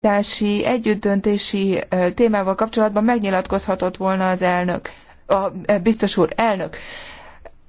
támogatási, együttdöntési témával kapcsolatban megnyilatkozhatott volna az elnök, a biztos úr elnök.